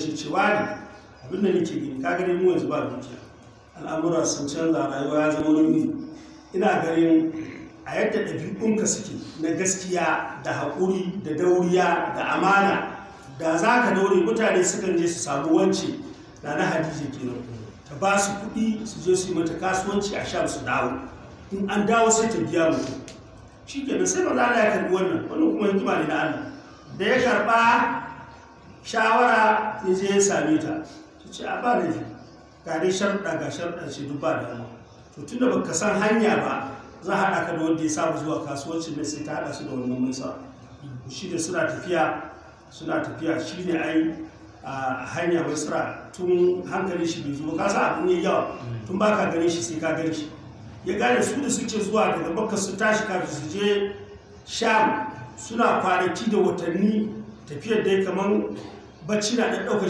shi ce abinda abin da nake gini ka gani mu yanzu ba dukiya al'amura sun canza rayuwa ya zama wani ina ganin a yadda ɗabi'unka suke na gaskiya da haƙuri da dauriya da amana da za ka daure mutane sukan je su samu wance na na hadije kenan ta ba su kuɗi su je su yi mata kasuwanci a sham su dawo in an dawo sai ta biya mutu shi sai ba za a ya karɓi wannan wani kuma hikima ne na Allah da ya karɓa shawara ya je ya same ta ta ce a ba da fi gari sharɗa ga sharɗa ce duk ba da yawa to tun da baka san hanya ba za a haɗa ka da wanda ya samu zuwa kasuwanci mai sai ta haɗa su da wannan mun sa shi da suna tafiya suna tafiya shi ne ai a hanya basira tun hankali shi bai zo ka sa abin yayi yawa tun ba ka gani shi sai ka gani shi ya gane su da suke zuwa daga bakka su tashi kafin su je sham suna kwanaki da watanni tafiyar dai kamar bacci na ɗaukar